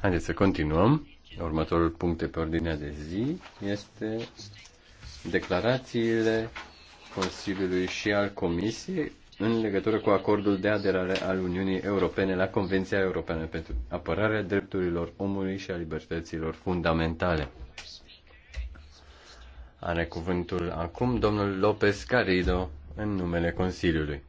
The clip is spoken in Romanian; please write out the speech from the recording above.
Haideți să continuăm. Următorul punct de pe ordinea de zi este declarațiile Consiliului și al Comisiei în legătură cu acordul de aderare al Uniunii Europene la Convenția Europeană pentru apărarea drepturilor omului și a libertăților fundamentale. Are cuvântul acum domnul López Carido în numele Consiliului.